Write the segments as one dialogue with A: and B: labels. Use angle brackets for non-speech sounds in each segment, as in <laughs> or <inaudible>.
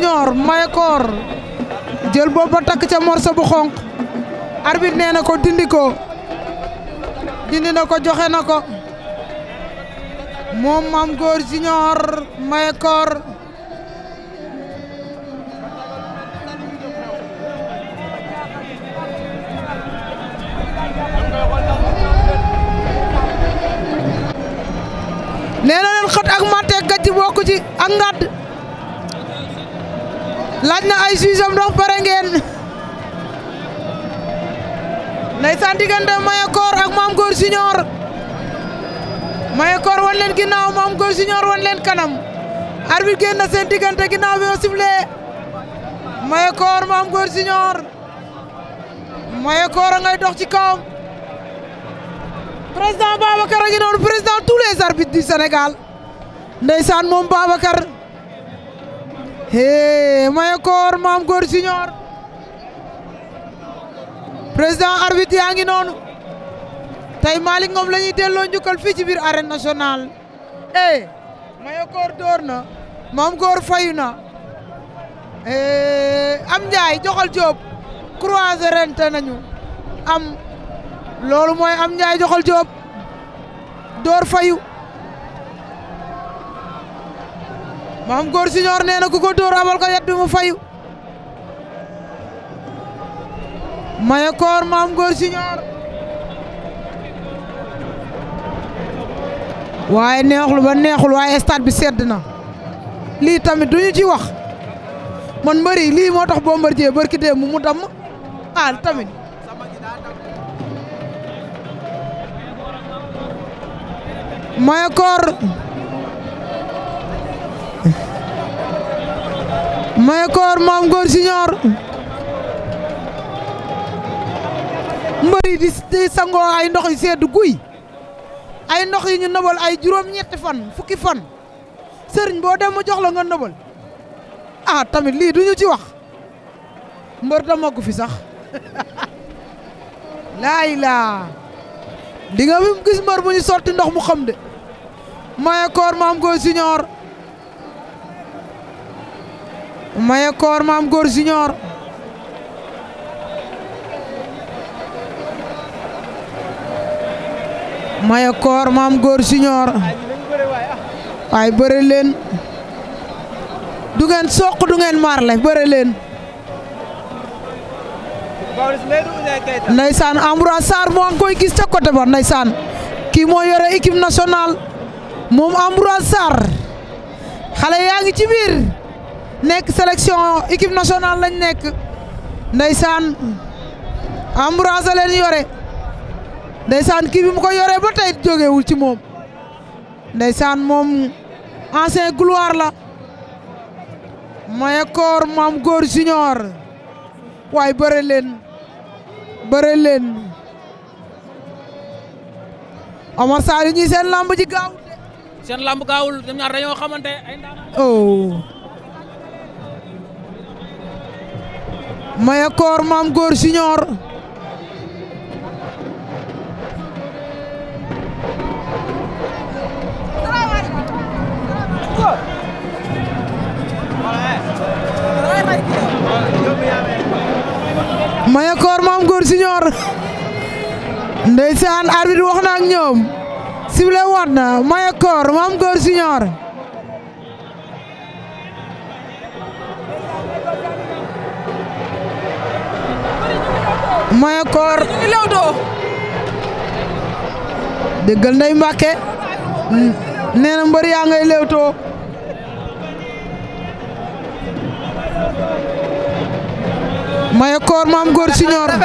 A: junior mayekoor jël boobu takk ca morso bu xonq arbitre nee na ko dindi ko dindi na ko joxe na ko moom maam góor junior mayekoor nee na leen xët ak matte gàcci bokku ci ak ngàdd laaj na ay suisam ndox pare ngeen ndeysaan diggante Mayakor ak Mame Goor Junior Mayakor wan leen ginnaaw Mame Goor Junior wan leen kanam arbitre génn na seen diggante ginnaaw bi o sifflé Mayakor Mame Goor Junior Mayakor a ngay dox ci kawam président Babacar a ngi noonu président tous les arbitres du Sénégal ndeysaan moom Babacar hee Mayakor Mame Goor Junior président arbitre yaa ngi noonu tey Malick Ngom la ñuy delloo njukkal fii ci biir arène nationale eh Mayakor door na Mame Goor fayu na am Ndiaye joxal Diop croisé rente nañu am loolu mooy am Ndiaye joxal Diop door fayu maam góor siñoor nee na ku ko dóor abal ko yet bi mu fayu maya koor maam góor siñoor waaye neexul ba neexul waaye stade bi sedd na lii tamit duñu ci wax man mbëri lii moo tax Bombardier bërki dee mu mu damm ah tamit maya koor Mayakor Mame Ngor Junior mbëri di di sangoo ay ndox yu sedd guy ay ndox yu ñu nëbal ay juróom-ñetti fan fukki fan sëriñ boo dem mu jox la nga nëbal ah tamit lii duñu ci wax mbër da màggu fi sax laay <laughs> laa di nga gis mbër bu ñu sotti ndox mu xam de Mayakor Mame Ngor Junior maye koor góor junior maye koor góor junior waaye bëre leen du ngeen soq du ngeen marle bëre leen ndeysaan Ambroise Sarr moo ngi koy gis ca côté ba ndeysaan kii moo yore équipe nationale moom Ambroise Sarr xale yaa ngi nekk sélection équipe nationale lañ nekk ndeysaan Ambroise leen yore ndeysaan kii bi mu ko yore ba tey jógewul ci moom ndeysaan moom ancien gloire la Mayakor Mame Gor Junior waaye bëre leen bëre leen Omar Sall ñi seen lamb ji gaawul de seen lamb gaawul ñoom ñaar dañoo xamante ay ndam oh Mayakor Mame Gor Junior Mayakor Mame Gor Junior ndeysaan arbitre wax na ak ñoom sible woon na Mayakor Mame Gor Junior moyen koor déggal nday Mbàkke nee na mbër yaa ngay léewtoo moyen koor maam góor siñoor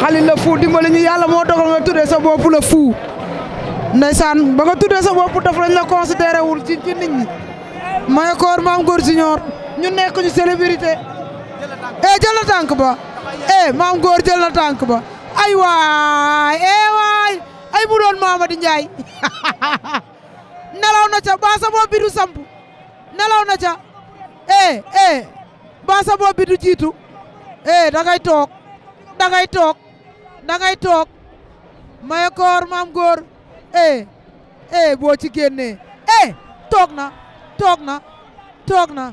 A: xalil la fou dimbali ñu yàlla moo dogal nga tuddee sa bopp la fou ndeysaan ba nga tuddee sa bopp daf la considéré wul ci ci nit maam góor siñoor ñu nekk ñu célébrité e jël na tànk ba e eh, maam góor jël na tànk ba ay waay e waay ay bu doon Mamady Ndiaye <laughs> nelaw na ca ba sa bopp bi du samp nelaw na ca e e ba sa bopp bi jiitu e da ngay toog da da ngay toog maye koor maam góor eh eh boo ci génnee eh toog na toog na toog na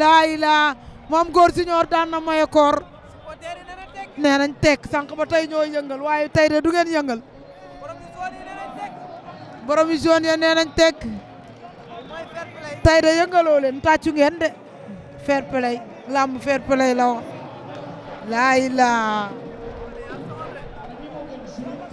A: laayi laa maam góor si ñoor daan na maye koor nee nañ teg sànq ba tey ñoo yëngal waaye tey de du ngeen yëngal borom yi zone ya nee nañ teg tey de yëngaloo leen tàccu ngeen de fair play làmb fair play la woon laayi